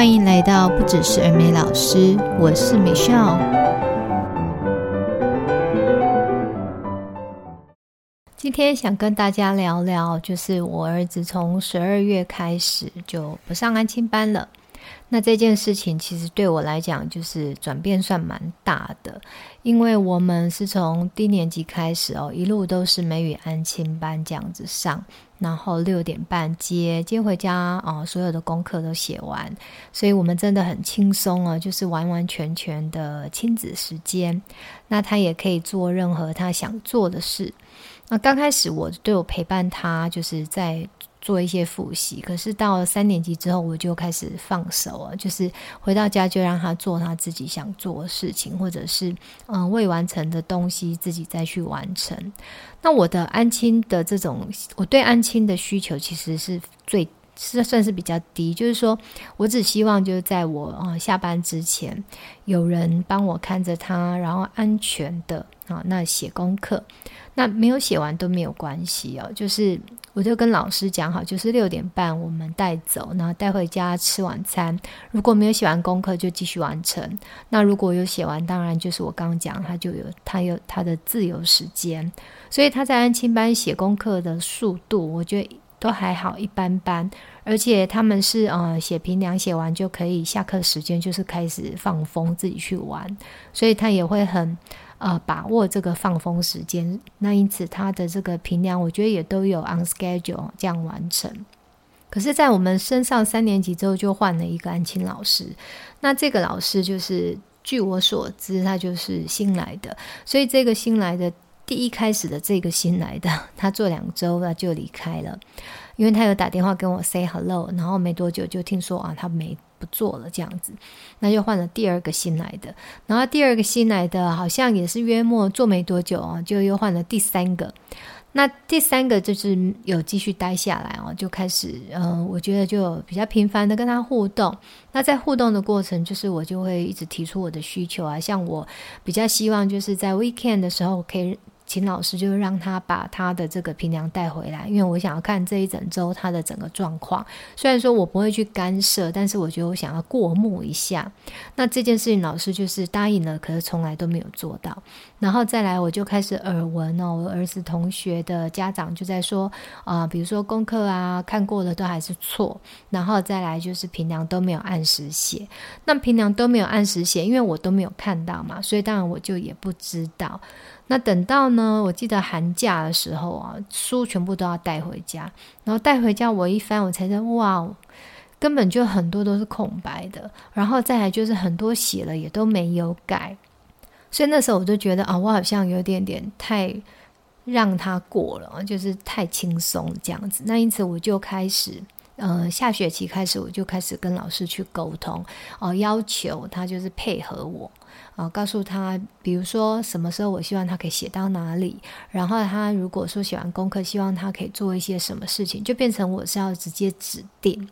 歡迎來到不只是兒美老師，我是 Michelle。今天想跟大家聊聊，就是我兒子從十二月開始就不上安親班了。那這件事情其實對我來講就是轉變算蠻大的，因為我們是從低年級開始哦，一路都是美語安親班這樣子上，然後六點半接接回家哦，所有的功課都寫完，所以我們真的很輕鬆哦、啊，就是完完全全的親子時間。那他也可以做任何他想做的事。那剛開始我對我陪伴他就是在。做一些複習，可是到了三年級之後，我就開始放手了，就是回到家就讓他做他自己想做的事情，或者是嗯、呃、未完成的東西自己再去完成。那我的安親的這種，我對安親的需求其實是最是算是比較低，就是說我只希望就是在我啊、呃、下班之前有人幫我看着他，然後安全的啊、哦、那寫功課，那沒有寫完都沒有關係哦，就是。我就跟老師講好，就是六點半我們帶走，然後帶回家吃晚餐。如果沒有寫完功課，就繼續完成。那如果有寫完，當然就是我剛剛講，他就有他有他的自由時間。所以他在安親班寫功課的速度，我覺得都還好，一般般。而且他們是呃寫評量寫完就可以下課時間，就是開始放風自己去玩。所以他也會很。呃，把握這個放風時間，那因此他的這個評量，我覺得也都有 on schedule 這樣完成。可是，在我們升上三年級之後，就換了一個安親老師。那這個老師就是據我所知，他就是新來的。所以這個新來的，第一開始的這個新來的，他做兩周了就離開了，因為他有打電話跟我 say hello，然後沒多久就聽說啊，他沒。不做了這樣子，那又換了第二個新來的，然後第二個新來的好像也是約莫做沒多久啊，就又換了第三個，那第三個就是有繼續待下來哦、啊，就開始嗯、呃，我覺得就比較頻繁的跟他互動，那在互動的過程，就是我就會一直提出我的需求啊，像我比較希望就是在 weekend 的時候可以。請老師就讓他把他的這個評量帶回來，因為我想要看這一整周他的整個狀況。雖然說我不會去干涉，但是我覺得我想要過目一下。那這件事情老師就是答應了，可是從來都沒有做到。然後再來，我就開始耳聞哦，我兒子同學的家長就在說啊、呃，比如說功課啊看過了都還是錯，然後再來就是評量都沒有按時寫。那評量都沒有按時寫，因為我都沒有看到嘛，所以當然我就也不知道。那等到呢，我記得寒假的時候啊，書全部都要帶回家，然後帶回家我一翻，我才知道，哇，根本就很多都是空白的，然後再來就是很多寫了也都沒有改，所以那時候我就覺得啊，我好像有點點太讓他過了，就是太輕鬆這樣子。那因此我就開始，呃，下學期開始我就開始跟老師去溝通哦，啊，要求他就是配合我。啊，哦，告訴他，比如說什麼時候我希望他可以寫到哪裡，然後他如果說寫完功課，希望他可以做一些什麼事情，就變成我是要直接指定。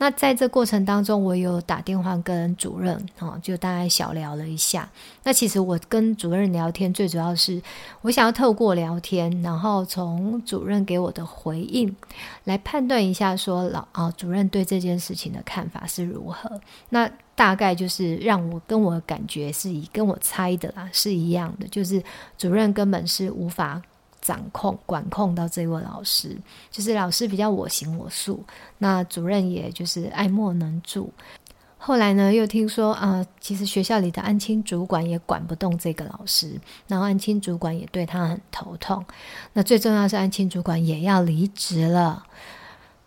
那在這過程當中，我有打電話跟主任，哦，就大概小聊了一下。那其實我跟主任聊天，最主要是我想要透過聊天，然後從主任給我的回應來判斷一下說，說老啊，哦，主任對這件事情的看法是如何。那，大概就是讓我跟我的感覺是以跟我猜的啦是一樣的，就是主任根本是無法掌控管控到這位老師，就是老師比較我行我素，那主任也就是愛莫能助。後來呢，又聽說啊、呃，其實學校裡的安親主管也管不動這個老師，然後安親主管也對他很頭痛。那最重要是安親主管也要離職了。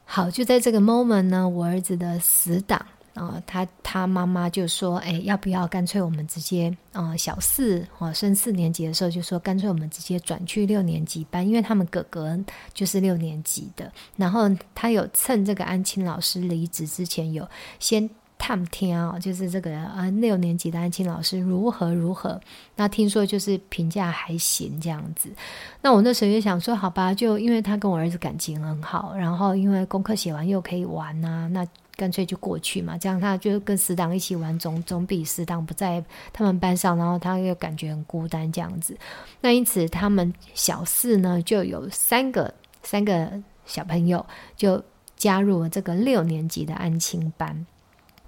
好，就在這個 moment 呢，我兒子的死黨。啊、呃，他他媽媽就說：“哎，要不要乾脆我們直接啊、呃，小四哦，升四年級的時候就說乾脆我們直接轉去六年級班，因為他們哥哥就是六年級的。然後他有趁這個安親老師離職之前，有先探聽啊、哦，就是這個啊、呃、六年級的安親老師如何如何。那聽說就是評價還行這樣子。那我那時候也想說，好吧，就因為他跟我兒子感情很好，然後因為功課寫完又可以玩啊，那。”乾脆就過去嘛，這樣他就跟死黨一起玩總，總總比死黨不在他們班上，然後他又感覺很孤單這樣子。那因此，他們小四呢就有三個三個小朋友就加入了這個六年級的安親班。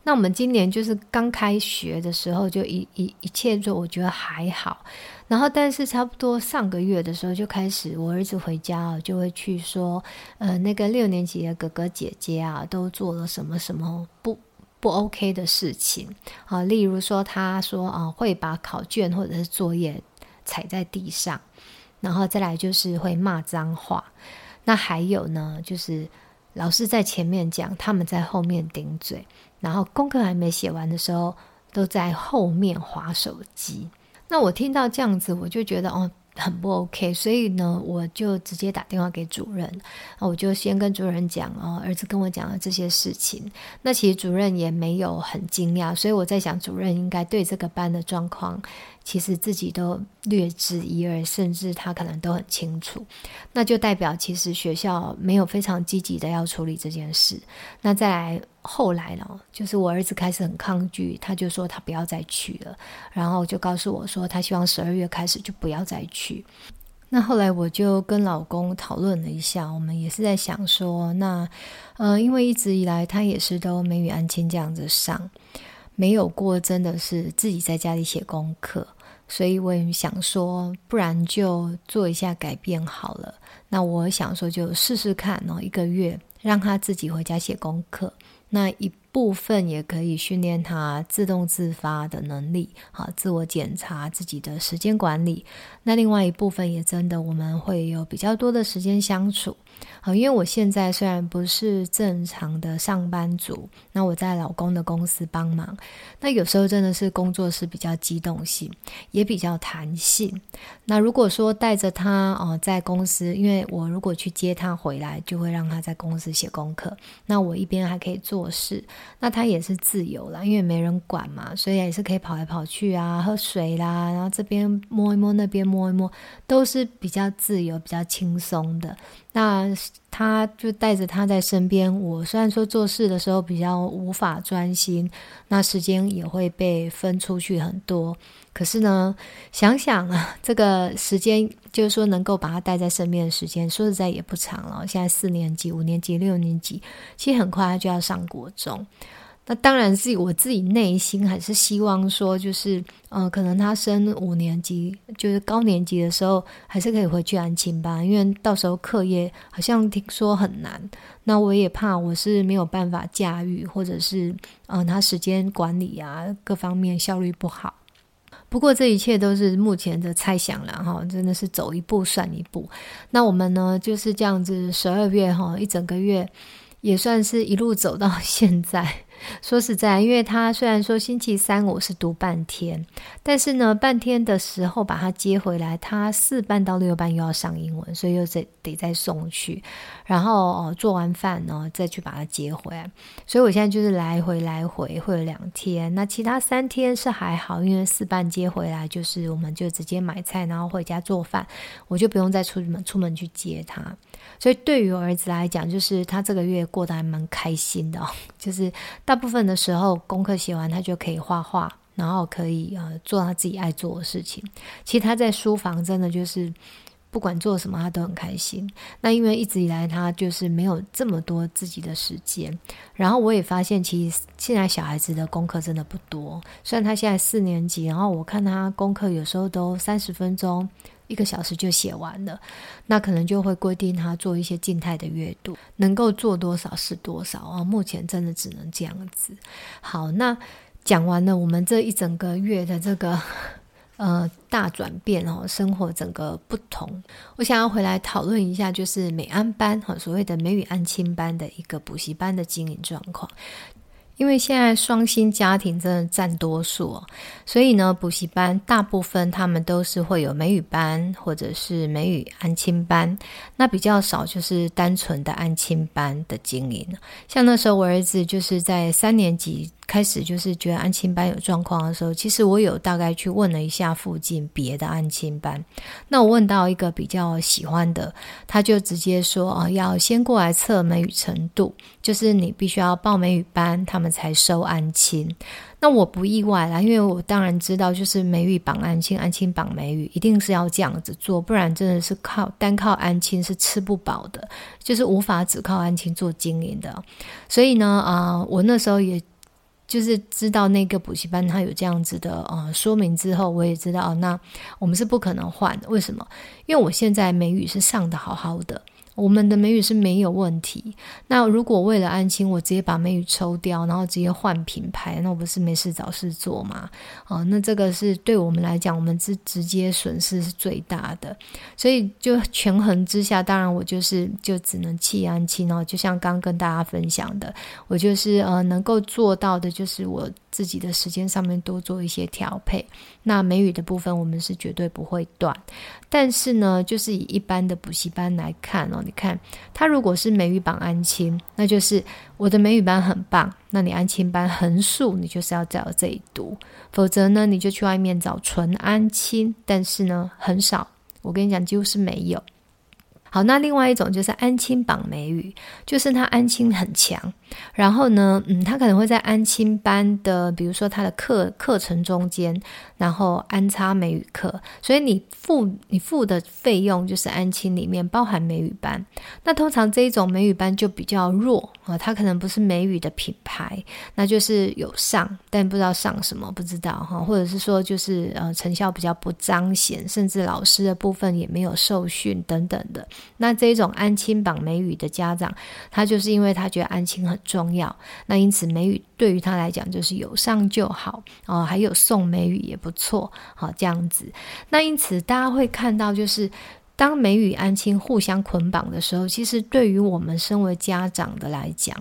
那我們今年就是剛開學的時候，就一一一切做，我覺得還好。然後，但是差不多上個月的時候就開始，我兒子回家啊就會去說，呃，那個六年級的哥哥姐姐啊，都做了什麼什麼不不 OK 的事情啊。例如說，他說啊，會把考卷或者是作業踩在地上，然後再來就是會罵髒話。那還有呢，就是老師在前面講，他們在後面頂嘴，然後功課還沒寫完的時候，都在後面滑手機。那我聽到這樣子，我就覺得哦，很不 OK，所以呢，我就直接打電話給主任，我就先跟主任講哦，兒子跟我講了這些事情。那其實主任也沒有很驚訝，所以我在想，主任應該對這個班的狀況。其實自己都略知一二，甚至他可能都很清楚，那就代表其實學校沒有非常積極的要處理這件事。那再來後來呢，就是我兒子開始很抗拒，他就說他不要再去了，然後就告訴我說他希望十二月開始就不要再去。那後來我就跟老公討論了一下，我們也是在想說，那呃，因為一直以來他也是都美語安親這樣子上，沒有過真的是自己在家裡寫功課。所以我也想說，不然就做一下改變好了。那我想說，就試試看哦，一個月讓他自己回家寫功課。那一。部分也可以訓練他自動自發的能力，啊，自我檢查自己的時間管理。那另外一部分也真的，我們會有比較多的時間相處。好，因為我現在雖然不是正常的上班族，那我在老公的公司幫忙，那有時候真的是工作是比較機動性，也比較彈性。那如果說帶着他哦、呃，在公司，因為我如果去接他回來，就會讓他在公司寫功課，那我一邊還可以做事。那他也是自由啦，因為沒人管嘛，所以也是可以跑來跑去啊，喝水啦，然後這邊摸一摸，那邊摸一摸，都是比較自由、比較輕鬆的。那他就帶着他在身邊，我雖然說做事的時候比較無法專心，那時間也會被分出去很多。可是呢，想想啊，這個時間就是說能夠把他帶在身邊的時間，說實在也不長了。現在四年級、五年級、六年級，其實很快他就要上國中。那當然是我自己內心還是希望說，就是嗯、呃，可能他升五年級，就是高年級的時候，還是可以回去安親班，因為到時候課業好像聽說很難。那我也怕我是沒有辦法駕馭，或者是嗯，他、呃、時間管理啊，各方面效率不好。不過這一切都是目前的猜想了哈，真的是走一步算一步。那我們呢就是這樣子，十二月哈一整個月也算是一路走到現在。說實在，因為他雖然說星期三我是讀半天，但是呢，半天的時候把他接回來，他四班到六班又要上英文，所以又得再送去，然後哦做完飯呢再去把他接回來，所以我現在就是來回來回會有兩天，那其他三天是還好，因為四班接回來就是我們就直接買菜，然後回家做飯，我就不用再出門出門去接他，所以對於兒子來講，就是他這個月過得還蠻開心的哦，就是。大部分的時候，功課寫完，他就可以畫畫，然後可以呃做他自己愛做的事情。其實他在書房真的就是不管做什麼，他都很開心。那因為一直以來，他就是沒有這麼多自己的時間。然後我也發現，其實現在小孩子的功課真的不多。雖然他現在四年級，然後我看他功課有時候都三十分鐘。一個小時就寫完了，那可能就會規定他做一些靜態的閱讀，能夠做多少是多少啊。目前真的只能這樣子。好，那講完了我們這一整個月的這個呃大轉變哦，生活整個不同。我想要回來討論一下，就是美安班哈，所謂的美語安親班的一個補習班的經營狀況。因為現在雙薪家庭真的占多數啊，所以呢，補習班大部分他們都是會有美語班或者是美語安親班，那比較少就是單純的安親班的經營。像那時候我兒子就是在三年級。開始就是覺得安親班有狀況的時候，其實我有大概去問了一下附近別的安親班。那我問到一個比較喜歡的，他就直接說：“啊、呃，要先過來測美語程度，就是你必須要報美語班，他們才收安親。”那我不意外啦，因為我當然知道，就是美語綁安親，安親綁美語，一定是要這樣子做，不然真的是靠單靠安親是吃不飽的，就是無法只靠安親做經營的。所以呢，啊、呃，我那時候也。就是知道那個補習班他有這樣子的呃、說明之後，我也知道那我們是不可能換的，為什麼？因為我現在美語是上得好好的。我們的美語是沒有問題。那如果為了安親，我直接把美語抽掉，然後直接換品牌，那我不是沒事找事做嗎？哦、嗯，那這個是對我們來講，我們是直接損失是最大的。所以就權衡之下，當然我就是就只能棄安親哦。就像剛剛跟大家分享的，我就是呃能夠做到的，就是我。自己的時間上面多做一些調配。那美語的部分，我們是絕對不會斷。但是呢，就是以一般的補習班來看哦，你看，他如果是美語班安親，那就是我的美語班很棒。那你安親班橫豎你就是要在我這裡讀，否則呢，你就去外面找純安親。但是呢，很少，我跟你講，幾乎是沒有。好，那另外一種就是安親班美語，就是它安親很強，然後呢，嗯，它可能會在安親班的，比如說它的課課程中間，然後安插美語課，所以你付你付的費用就是安親裡面包含美語班。那通常這一種美語班就比較弱啊，它可能不是美語的品牌，那就是有上，但不知道上什麼，不知道哈，或者是說就是呃，成效比較不彰顯，甚至老師的部分也沒有受訓等等的。那這種安親綁美語的家長，他就是因為他覺得安親很重要，那因此美語對於他來講就是有上就好哦，還有送美語也不錯，好，哦，這樣子。那因此大家會看到，就是當美語安親互相捆綁的時候，其實對於我們身為家長的來講，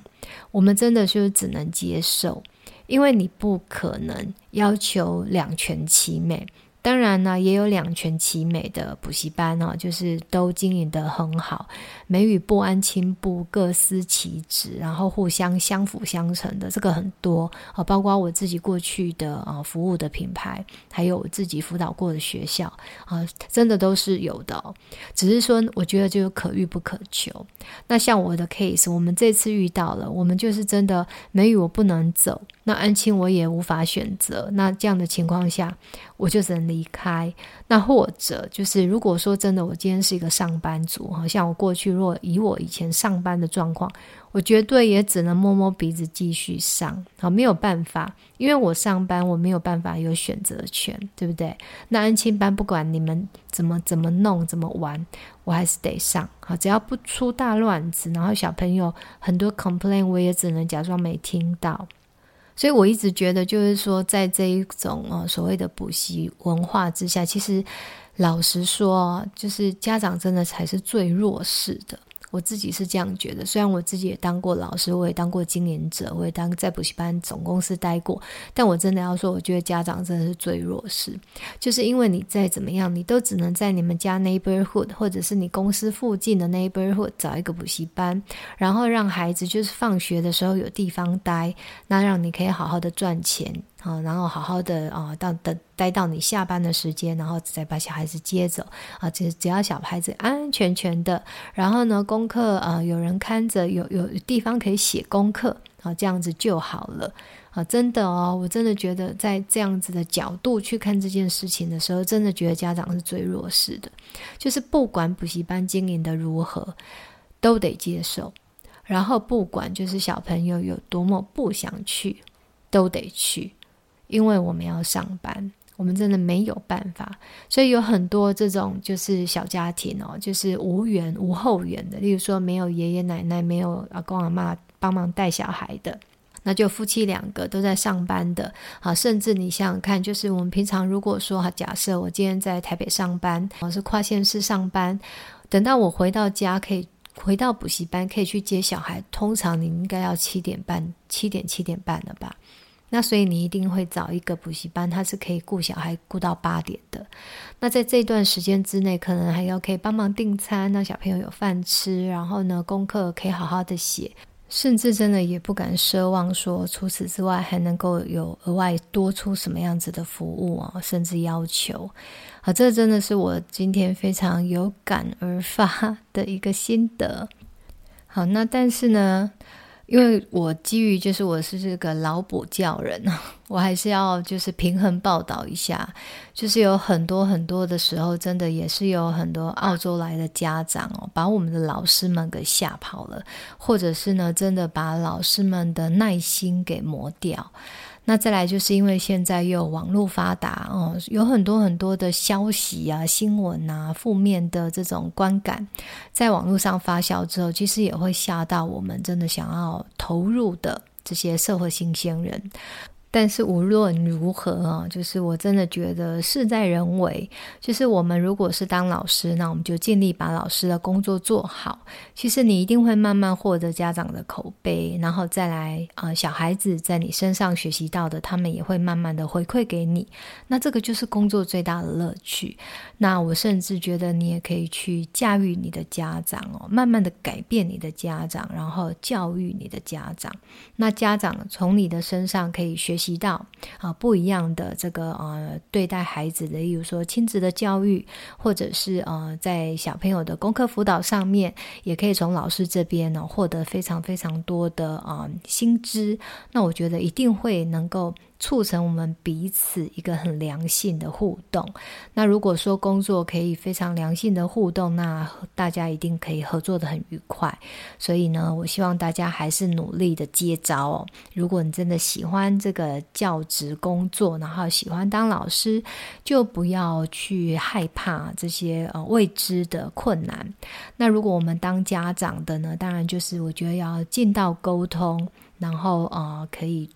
我們真的就是只能接受，因為你不可能要求兩全其美。當然呢、啊，也有兩全其美的補習班哦、啊，就是都經營得很好，美語部、安親部各司其職，然後互相相輔相成的。這個很多啊，包括我自己過去的啊服務的品牌，還有我自己輔導過的學校啊，真的都是有的，哦，只是說我覺得就是可遇不可求。那像我的 case，我們這次遇到了，我們就是真的美語我不能走。那安親我也無法選擇，那這樣的情況下，我就只能離開。那或者就是，如果說真的，我今天是一個上班族，好像我過去，如果以我以前上班的狀況，我絕對也只能摸摸鼻子繼續上，好，沒有辦法，因為我上班我沒有辦法有選擇權，對不對？那安親班不管你們怎麼怎麼弄，怎麼玩，我還是得上，好，只要不出大亂子，然後小朋友很多 complain 我也只能假裝沒聽到。所以我一直覺得，就是說，在這一種呃所謂的補習文化之下，其實老實說，就是家長真的才是最弱勢的。我自己是這樣覺得，雖然我自己也當過老師，我也當過經營者，我也當在補習班總公司待過，但我真的要說，我覺得家長真的是最弱勢，就是因為你再怎麼樣，你都只能在你們家 neighborhood 或者是你公司附近的 neighborhood 找一個補習班，然後讓孩子就是放學的時候有地方待，那讓你可以好好的賺錢。啊，然後好好的啊，到等待到你下班的時間，然後再把小孩子接走啊。只只要小孩子安安全全的，然後呢，功課啊有人看着，有有地方可以寫功課啊，這樣子就好了啊。真的哦，我真的覺得在這樣子的角度去看這件事情的時候，真的覺得家長是最弱勢的，就是不管補習班經營得如何，都得接受，然後不管就是小朋友有多麼不想去，都得去。因為我們要上班，我們真的沒有辦法，所以有很多這種就是小家庭哦，就是無緣無後援的，例如說沒有爺爺奶奶，沒有阿公阿嬤幫忙帶小孩的，那就夫妻兩個都在上班的。好，甚至你想想看，就是我們平常如果說哈，假設我今天在台北上班，我是跨縣市上班，等到我回到家可以回到補習班，可以去接小孩，通常你應該要七點半，七點七點半了吧。那所以你一定會找一個補習班，它是可以顧小孩顧到八點的。那在這段時間之內，可能還要可以幫忙訂餐，讓小朋友有飯吃，然後呢，功課可以好好的寫，甚至真的也不敢奢望說，除此之外還能夠有額外多出什麼樣子的服務哦，甚至要求。好，這真的是我今天非常有感而發的一個心得。好，那但是呢，因為我基於就是我是這個老補教人，我還是要就是平衡報道一下，就是有很多很多的時候，真的也是有很多澳洲來的家長哦，把我們的老師們給嚇跑了，或者是呢，真的把老師們的耐心給磨掉。那再來就是因為現在又有網絡發達哦，有很多很多的消息啊、新聞啊，負面的這種觀感，在網絡上發酵之後，其實也會嚇到我們真的想要投入的這些社會新鮮人。但是無論如何啊，就是我真的覺得事在人為。就是我們如果是當老師，那我們就盡力把老師的工作做好。其實你一定會慢慢獲得家長的口碑，然後再來啊、呃，小孩子在你身上學習到的，他們也會慢慢的回饋給你。那這個就是工作最大的樂趣。那我甚至覺得你也可以去駕馭你的家長哦，慢慢的改變你的家長，然後教育你的家長。那家長從你的身上可以學。提到啊、呃，不一樣的這個呃，對待孩子的，例如說親子的教育，或者是呃，在小朋友的功課輔導上面，也可以從老師這邊呢、呃、獲得非常非常多的啊新知。那我覺得一定會能夠。促成我們彼此一個很良性的互動。那如果說工作可以非常良性的互動，那大家一定可以合作得很愉快。所以呢，我希望大家還是努力的接招哦。如果你真的喜歡這個教職工作，然後喜歡當老師，就不要去害怕這些呃未知的困難。那如果我們當家長的呢，當然就是我覺得要盡到溝通，然後呃可以。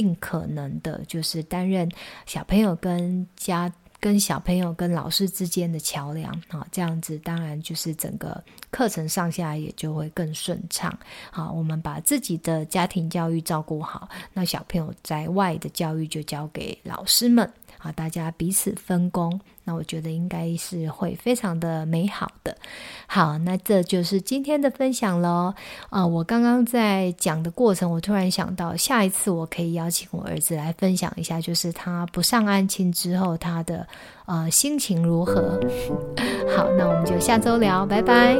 儘可能的，就是擔任小朋友跟家、跟小朋友跟老師之間的橋梁啊，這樣子當然就是整個課程上下來也就會更順暢啊。我們把自己的家庭教育照顧好，那小朋友在外的教育就交給老師們。啊，大家彼此分工，那我覺得應該是會非常的美好的。好，那這就是今天的分享嘍。啊、呃，我剛剛在講的過程，我突然想到，下一次我可以邀請我兒子來分享一下，就是他不上安親之後他的呃心情如何。好，那我們就下周聊，拜拜。